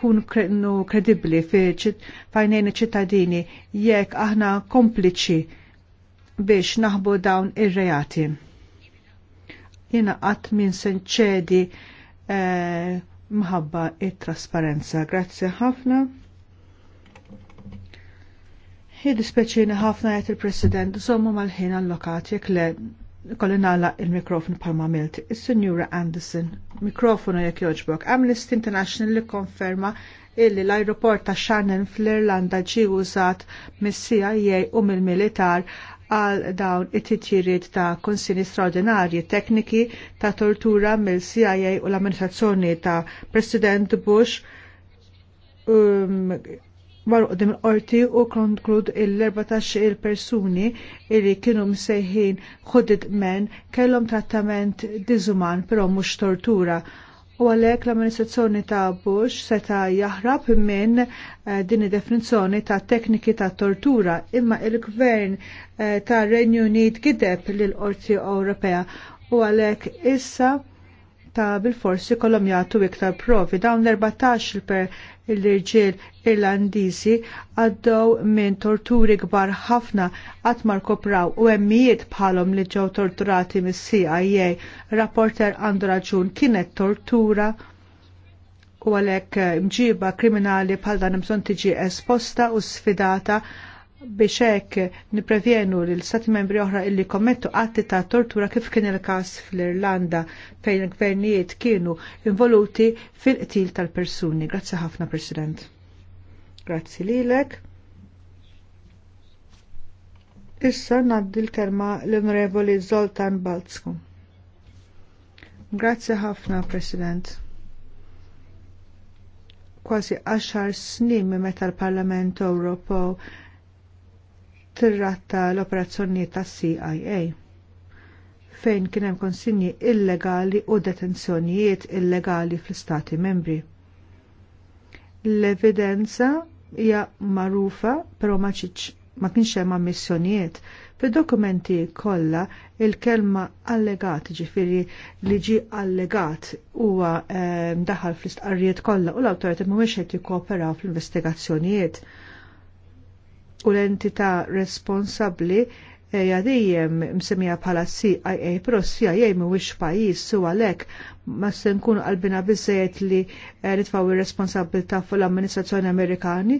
kun kredibli fi ċittadini jekk aħna kompliċi biex naħbu dawn ir-reati. Jena għat min senċedi eh, mħabba it-trasparenza. Grazzi ħafna. Hidi speċini ħafna jgħet il-President zommu mal-ħin allokat jek le kolli nala il-mikrofon palma milt. Il-Signora Anderson, mikrofonu jek joġbok. Amnesty International li konferma illi l-aeroport ta' Shannon fl-Irlanda ġi użat mis-CIA u mill-militar għal dawn it-titjiriet ta' konsili straordinarji tekniki ta' tortura mill-CIA u l-amministrazzjoni ta' President Bush um, marru qdim qorti u konklud il-14 il-persuni illi kienu msejħin ħudid men kellhom trattament diżuman però mhux tortura u għalhekk l-amministrazzjoni ta' Bush seta' jaħrab minn eh, din id-definizzjoni ta' tekniki ta' tortura imma il-gvern eh, ta' Renju Unit gideb lil qorti Ewropea u għalhekk issa ta' bil-forsi kolom jgħatu iktar provi. Dawn l-14 per l-irġiel irlandiżi għaddew minn torturi kbar ħafna qatt ma u emmijiet bħalhom li ġew torturati mis-CIA. Rapporter għandu raġun kienet tortura u għalhekk mġiba kriminali bħal dan imson tiġi esposta u sfidata biex hekk nipprevenu lil stati membri oħra illi kommettu atti ta' tortura kif kien il-każ fl-Irlanda fejn il-gvernijiet kienu involuti fil-qtil tal-persuni. Grazzi ħafna, President. Grazzi lilek. Issa naddi l-kelma l-Onorevoli Zoltan Balzku. Grazzi ħafna, President kważi 10 snin meta l-Parlament Ewropew tirratta l-operazzjonijiet tas-CIA fejn kien hemm konsinji illegali u detenzjonijiet illegali fl-istati membri. L-evidenza hija magħrufa però ma kienx hemm ammissjonijiet. Fid-dokumenti kollha il-kelma allegat ġifiri li ġi allegat huwa eh, daħal fl-istqarrijiet kollha u l-awtorità mhumiex qed jikkooperaw fl-investigazzjonijiet u l-entità responsabbli eja eh, dejjem msemmija bħala CIA, però CIA mhuwiex pajjiż su għalhekk ma se nkunu qalbina biżejjed li eh, nitfaw ir responsabilta fuq l-amministrazzjoni Amerikani,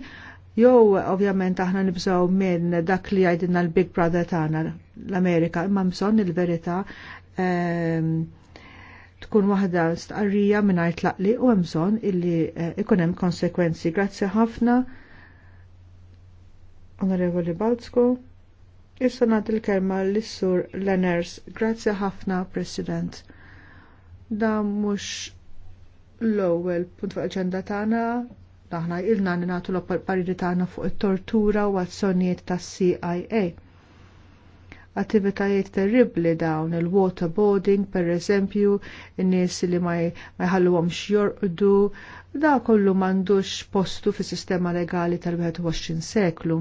jew ovvjament aħna nibżgħu minn dak li għajdinna l-Big Brother tagħna l-Amerika, imma bżonn il-verità ehm, tkun waħda stqarrija mingħajr tlaqli u hemm bżonn illi eh, ikun hemm konsekwenzi. Grazzi ħafna. Onorevoli Balzko, issa nagħti l-kelma l-Sur Lenners. Grazzi ħafna, President. Da mhux l-ewwel punt fuq daħna tagħna aħna ilna natu l-pariri tagħna fuq it-tortura u azzjonijiet tas-CIA. Attivitajiet terribli dawn il-waterboarding, per eżempju, n-nies li ma jħalluhomx jorqdu, da kollu m'għandux postu fis-sistema legali tal-21 seklu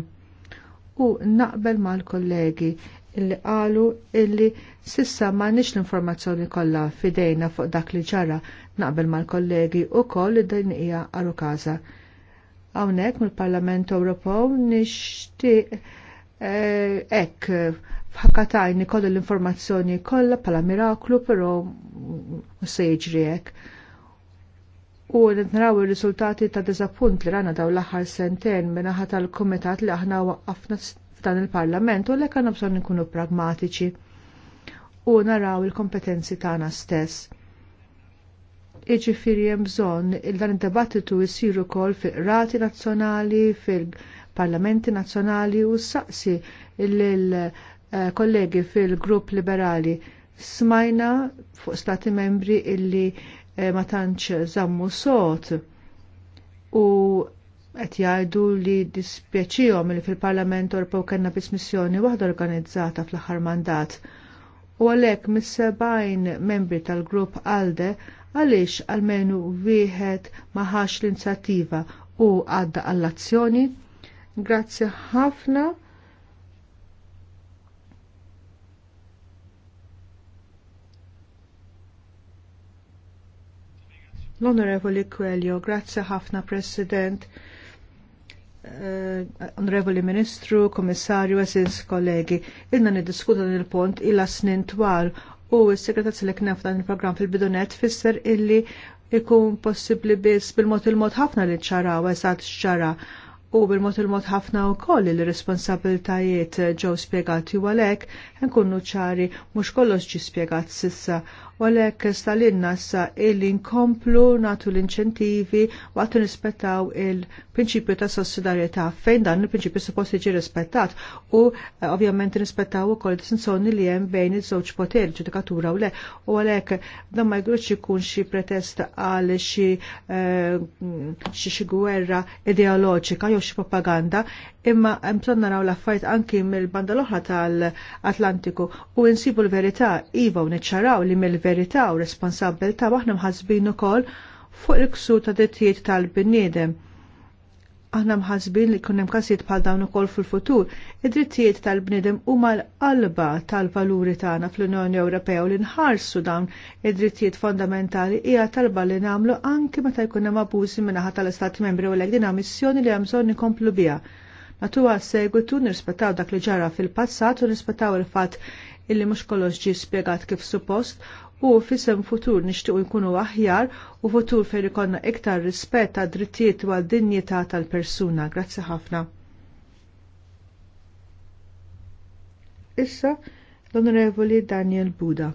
u naqbel mal-kollegi illi qalu illi sissa ma nix l-informazzjoni kollha fidejna fuq dak li ġara naqbel mal-kollegi u koll li din hija għaru kaza. Hawnhekk mill-Parlament Ewropew nixtieq eh, hekk f'ħakatajni kollu l-informazzjoni kollha bħala miraklu però se jiġri hekk u naraw ir-riżultati ta' diżappunt li rana daw l-aħħar sentejn minaħa tal-kumitat li aħna waqqafna f'dan il-Parlament u l-ek għandna nkunu pragmatiċi u naraw il-kompetenzi tagħna stess. Iġifieri hemm bżonn il-dan id-dibattitu jsiru wkoll fil-rati nazzjonali, fil-parlamenti nazzjonali u saqsi il eh, kollegi fil-grupp liberali smajna fuq stati membri illi Eh, ma tantx zammu sot u qed jgħidu li dispjaċihom li fil-Parlament Ewropew kellna biss missjoni waħda organizzata fl-aħħar mandat. U għalhekk mis-sebgħin membri tal-grupp ALDE għaliex għalmenu wieħed ma ħax l inizjattiva u għadda għall-azzjoni. Grazzi ħafna L-Onorevoli Kwelio, grazzi ħafna President, uh, Onorevoli Ministru, Komissarju, Esins, kollegi. Ilna niddiskuta dan il-pont illa snin twal u s-segretat s dan il-program fil bidonet fisser illi ikun possibli biss bil-mod il-mod ħafna li ċara u eżat ċara u bil-mod il-mod ħafna u koll il-responsabiltajiet ġew spiegati u għalek, nkunnu ċari mux kollox ġi spiegat sissa, u għalek stalinna sa il nkomplu natu l-inċentivi u għattu nispettaw il-prinċipju ta' sossidarieta fejn dan il-prinċipju supposti ġi rispettat u eh, ovvjament nispettaw u koll distinzjoni li jem bejn iż-żewġ poter, ġudikatura u le, u għalek dan ma jgħrux ikun xi pretest għal xi eh, xi gwerra ideoloġika xi propaganda, imma hemm bżonn naraw l-affarijiet anki mill-banda l-oħra tal-Atlantiku u insibu l-verità iva u niċċaraw li mill-verità u responsabilità aħna mħassbin ukoll fuq il-ksur ta' dettijiet tal-bniedem Aħna mħasbin li kunem kasiet bħal dawn ukoll fil-futur, id-drittijiet tal-bnidem huma l-qalba tal-valuri tagħna fl-Unjoni Ewropea u li nħarsu dawn id-drittijiet fondamentali hija talba li nagħmlu anke meta jkun hemm abużi minaħa tal-Istati Membri u lek din missjoni li hemm bżonn nikomplu biha. Natuwa segwitu nirrispettaw dak li ġara fil-passat u nirrispettaw il-fatt illi mhux kollox ġie spjegat kif suppost u fisem futur nixtiequ nkunu aħjar u futur fejn ikonna iktar rispett ta' drittijiet u għad dinjità tal-persuna. Grazzi ħafna. Issa l-Onorevoli Daniel Buda.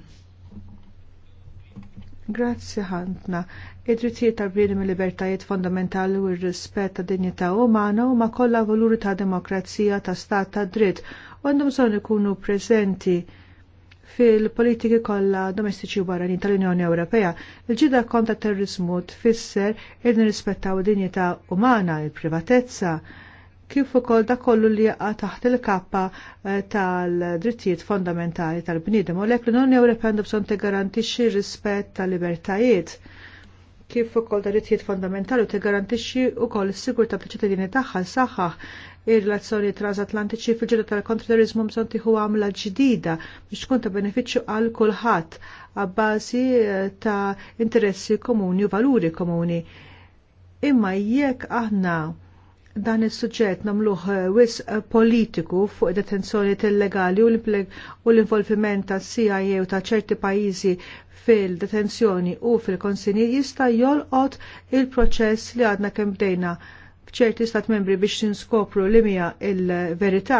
Grazzi ħantna. Id-drittijiet tal-bniedem il-libertajiet fondamentali u r-rispett ta' dinjità umana huma kollha voluri ta' demokrazija ta' stat ta' dritt u għandhom bżonn ikunu preżenti fil-politiki kollha domestiċi u barranin tal-Unjoni Ewropea. il ġidda konta terrorizmu tfisser id nirrispettaw dinjità umana, il-privatezza, kif ukoll da kollu li jaqa taħt il-kappa eh, tal-drittijiet fondamentali tal-bniedem u lek l-Unjoni Ewropea għandu bżonn tigarantixxi rispett tal-libertajiet kif ukoll drittijiet fondamentali u tigarantixxi wkoll is-sigurtà tal-ċittadini tagħha saħħaħ ir-relazzjoni transatlantiċi fil-ġirda tal-kontraterrorizmu bżonn tieħu għamla ġdida biex tkun ta' benefiċċju għal kulħadd għabbażi eh, ta' interessi komuni u valuri komuni. Imma jekk aħna dan is-suġġett nagħmluh eh, wis eh, politiku fuq detenzjoni illegali u l-involviment ta' CIA u ta' ċerti pajjiżi fil-detenzjoni u fil-konsini jista' jolqot il-proċess li għadna kemm bdejna f'ċerti stat membri biex ninskopru li mija il-verità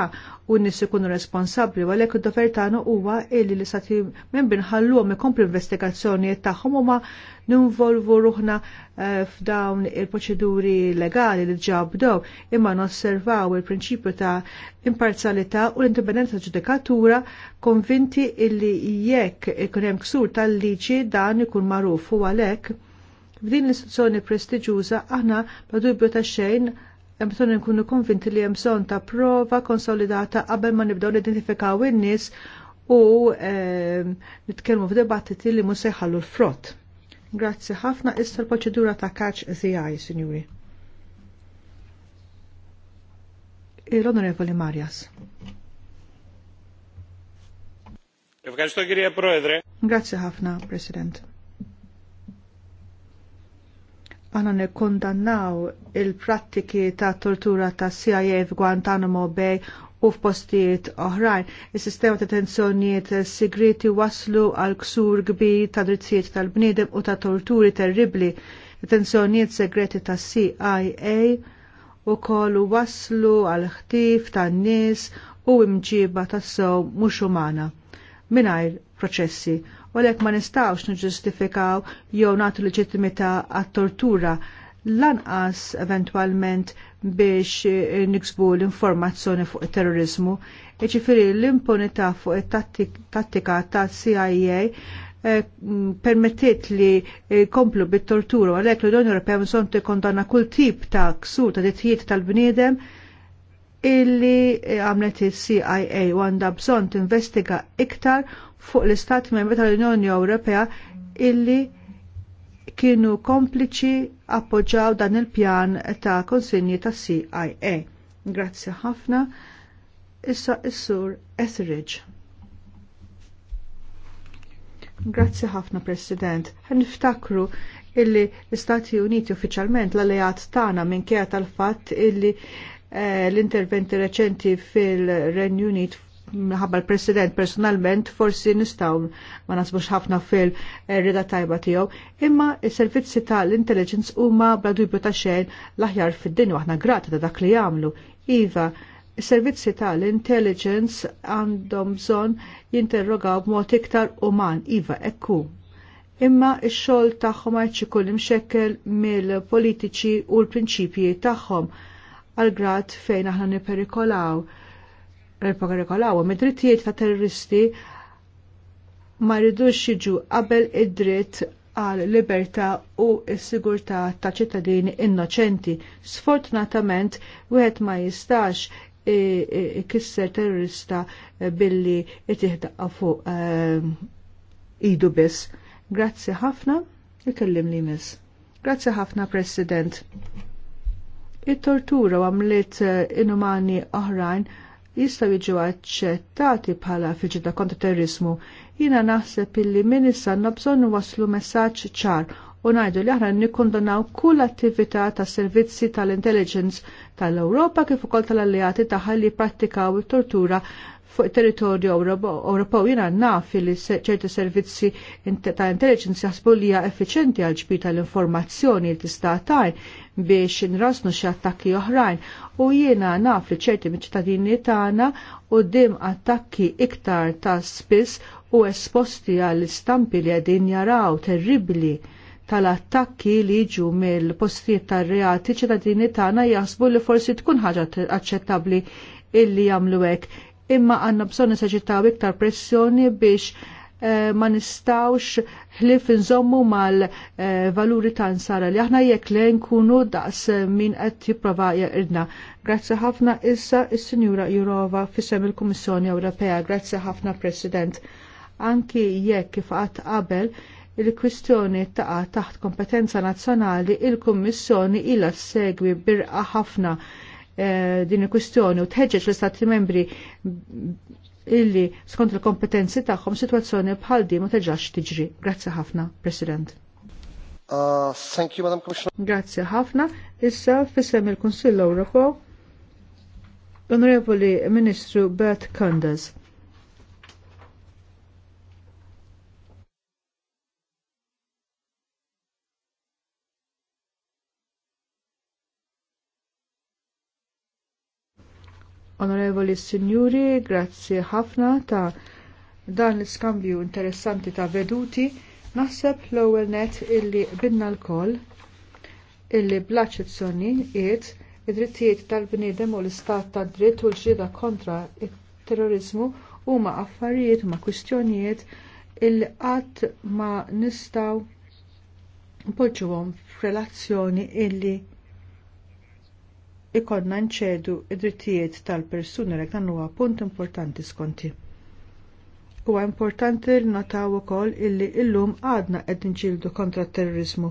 u n-nis ikunu responsabli, għalek id-dofer tagħna huwa illi li stati membri nħalluhom ikomplu investigazzjonijiet tagħhom huma ninvolvu ruħna eh, f'dawn il-proċeduri legali li ġabdew imma nosservaw il-prinċipju ta' imparzjalità u l-indipendenza ġudikatura konvinti illi jekk ikun hemm ksur tal-liġi dan ikun magħruf u għalhekk F'din l-istituzzjoni prestiġjuża aħna ma' dubju ta' xejn hemm bżonn nkunu konvinti li hemm bżonn ta' prova konsolidata qabel ma nibdew nidentifikaw in-nies u ehm, nitkellmu f'dibattiti li mhux se jħallu l-frott. Grazzi ħafna issa l-proċedura ta' kaċ ZI, sinjuri. l-Onorevoli Marias. Grazie ħafna, President. Għana nikkondannaw il-prattiki ta' tortura ta' CIA f'Guantanamo Bay u f'postijiet oħrajn. Is-sistema ta' tensjonijiet Segreti waslu għal ksur kbir ta' drizziet tal-bniedem u ta' torturi terribli. Tensjonijiet segreti ta' CIA u kollu waslu għal ħtif ta' nies u imġiba ta' sew mhux umana. Minajr proċessi u ma nistawx niġġustifikaw jew natu leġittimità għat-tortura lanqas eventwalment biex eh, niksbu l-informazzjoni fuq it terrorizmu. Iġifieri l-impunità fuq it-tattika ta' CIA eh, permettiet li eh, komplu bit-tortura għalhekk l-Unjoni Ewropea bżonn kondanna kull tip ta' ksur ta' dittijiet tal-bniedem illi għamlet il-CIA u għandha bżonn tinvestiga iktar fuq l-Istat Membri tal-Unjoni Ewropea illi kienu kompliċi appoġġaw dan il-pjan ta' konsigni ta' CIA. Grazzi ħafna. Issa is-sur Etheridge. Grazzi ħafna, President. Niftakru illi l-Istati Uniti uffiċjalment l-alleat tagħna minkejja tal-fatt illi Eh, l-interventi reċenti fil-Renju Unit minħabba l-President personalment forsi nistaw ma nasbux ħafna fil-rida tajba tiegħu, imma s-servizzi tal-intelligence huma bla dubju ta' xejn l-aħjar fid-dinja aħna grata ta' dak li jagħmlu. Iva, s-servizzi tal-intelligence għandhom bżonn jinterrogaw b'mod iktar uman, iva ekku. Imma x-xogħol tagħhom għajċi kullim imxekkel mill-politiċi u l-prinċipji tagħhom għal grad fejn aħna niperikolaw. Niperikolaw, mid-drittijiet ta' terroristi ma rridux jiġu qabel id-dritt għal libertà u s-sigurtà ta' ċittadini innoċenti. Sfortunatament, wieħed ma jistax ikisser terrorista eh, billi itiħdaqqa fuq eh, idu biss. Grazzi ħafna, ikellim li miss. Grazzi ħafna, President it-tortura u għamlet eh, inumani oħrajn jistaw jiġu aċċettati bħala fiġida kontra terrorismu. Jina naħseb illi minn issa bżonn waslu messaġġ ċar u ngħidu li aħna nikkondonaw kull attività tas servizzi tal-intelligence tal-Ewropa kif ukoll tal-alleati tagħha li prattikaw it-tortura fuq territorju Ewropew jiena naf li ċerti servizzi ta' intelligence jaħsbu li hija effiċenti għal ġbita l-informazzjoni li tista' tajn biex nrasnu xi attakki oħrajn u jiena naf li ċerti miċ-ċittadini tagħna quddiem attakki iktar ta' spiss u esposti għall istampi li qegħdin jaraw terribli tal-attakki li jiġu mill-postijiet tar-reati ċittadini tagħna jaħsbu li forsi tkun ħaġa aċċettabbli illi jagħmlu hekk imma għanna bżon nisaġitaw iktar pressjoni biex eh, ma nistawx ħlif nżommu mal-valuri ta' nsara li aħna jekk le nkunu daqs min qed jipprova jaqirna. Grazzi ħafna issa is-Sinjura Jurova fisem il-Kummissjoni Ewropea. Grazzi ħafna President. Anki jekk kif qatt qabel il-kwistjoni taqa taħt kompetenza nazzjonali il-Kummissjoni ilha segwi birqa ħafna Eh, din il-kwistjoni u tħeġġeġ l-Istati membri illi skont il-kompetenzi tagħhom sitwazzjoni bħal din ma teġax tiġri. Grazzi ħafna, President. Uh, thank you, Madam Commissioner. Grazzi ħafna. Issa fissem il-Kunsill Ewropew l-Onorevoli Ministru Bert Kandas. Onorevoli Signuri, grazzi ħafna ta' dan l-iskambju interessanti ta' veduti. Naħseb l-ewwel net illi binna l-koll illi blaċet sonni, id-drittijiet tal-bniedem u l-istat tad dritt u l ġida kontra it-terrorizmu huma affarijiet ma' kwistjonijiet illi qatt ma nistaw npoġġuhom f'relazzjoni illi ikonna nċedu id-drittijiet tal persuna li dan huwa punt importanti skonti. Huwa importanti li nataw ukoll illi illum għadna qed nġildu kontra t terrorizmu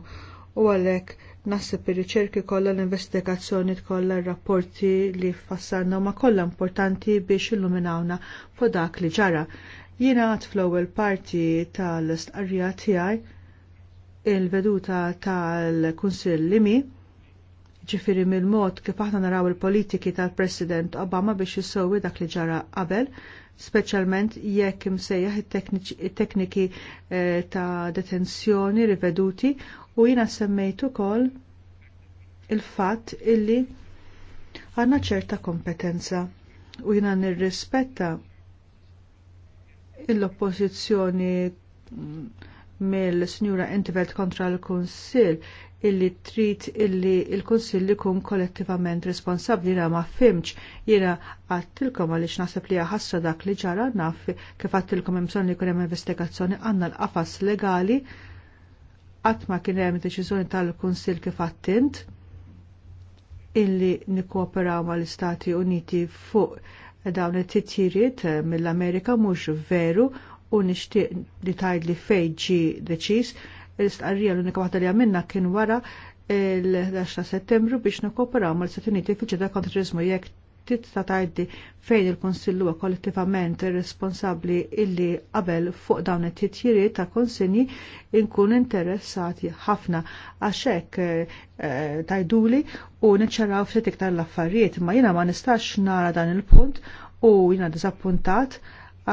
u għalhekk nasib ir-riċerki kollha l-investigazzjoni kollha r-rapporti li fassanna ma kollha importanti biex illuminawna fuq dak li ġara. Jiena għad fl-ewwel parti tal-istqarrija tiegħi il-veduta tal-Kunsill Limi ġifiri mill-mod kif aħna naraw il-politiki tal-President Obama biex jissowi dak li ġara qabel, speċjalment jekk imsejjaħ it-tekniki eh, ta' detenzjoni riveduti u jina semmejtu kol il-fatt illi għanna ċerta kompetenza u jina nirrispetta l-oppozizjoni mill-Snjura Intivelt kontra l-Konsil illi trid illi il-Kunsill ikun kollettivament responsabbli ra ma fimx jiena għattilkom għaliex naħseb li jaħassa dak li ġara naf kif għattilkom hemm bżonn li jkun hemm investigazzjoni għandna l-qafas legali qatt ma kien hemm deċiżjoni tal-Kunsill kif għattint illi nikkooperaw mal-Istati Uniti fuq dawn it-titjiriet eh, mill-Amerika mhux veru u nixtieq li tajd li fejn ġie deċiż l-istqarrija l-unika waħda li għamilna kien wara l-11 settembru biex nikkooperaw mal-Stati Uniti fiċċeda kontra terrorizmu jekk ta' tajdi fejn il-Konsillu kollettivament responsabli illi qabel fuq dawn it-titjiri ta' konsinji inkun interessati ħafna għaxek eh, tajduli u niċċaraw ftit iktar l-affarijiet ma jina ma nistax nara dan il-punt u jina diżappuntat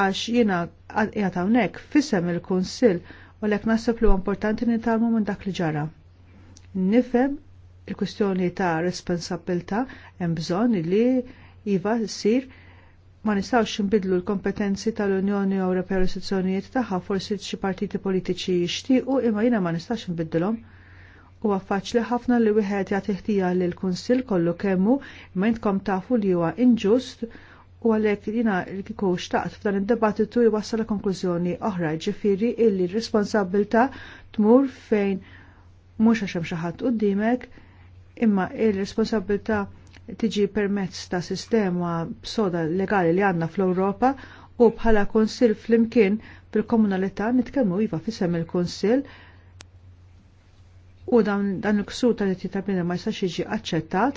għax jina għatawnek fissem il-Konsill u l nasib li importanti nitalmu minn dak li ġara. Nifem il-kwistjoni ta' responsabilta hemm bżonn li iva sir ma nistawx nbidlu l-kompetenzi tal-Unjoni Ewropea u l-istituzzjonijiet tagħha forsi xi partiti politiċi jixtiequ imma jiena ma nistax nbidlhom. Huwa faċli ħafna li wieħed jagħti ħtija lill kunsill kollu kemmu ma intkom tafu li huwa inġust u għalek jina l-kiko xtaqt f'dan id-debattitu jwassal konklużjoni oħra ġifiri illi responsabilta tmur fejn mux għaxem xaħat u dimek imma il-responsabilta tiġi permezz ta' sistema b'soda legali li għanna fl-Europa u bħala konsil fl-imkien fil-komunalità nitkellmu iva fisem il-konsil u dan, il l-ksur tal-li ma jistax jiġi aċċettat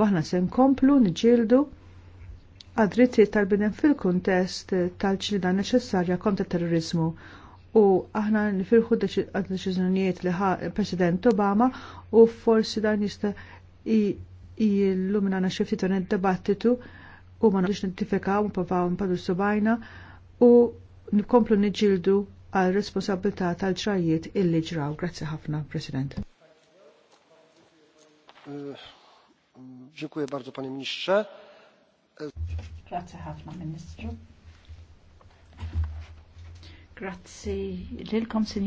u aħna se nkomplu nġildu għadritti tal-bidem fil-kuntest tal-ċlida neċessarja kontra terrorizmu u aħna nifirħu deċiżjonijiet li ħa President Obama u forsi dan jista jilluminana xi ftit id-dibattitu u ma nħiġ nittifikaw nipprovaw npadu subajna u nkomplu niġildu għal responsabilità tal-ġrajiet illi ġraw. Grazzi ħafna, President. Dziękuję bardzo, panie ministrze. Grazie ħafna, Ministru. Grazie lilkom, Sinjor.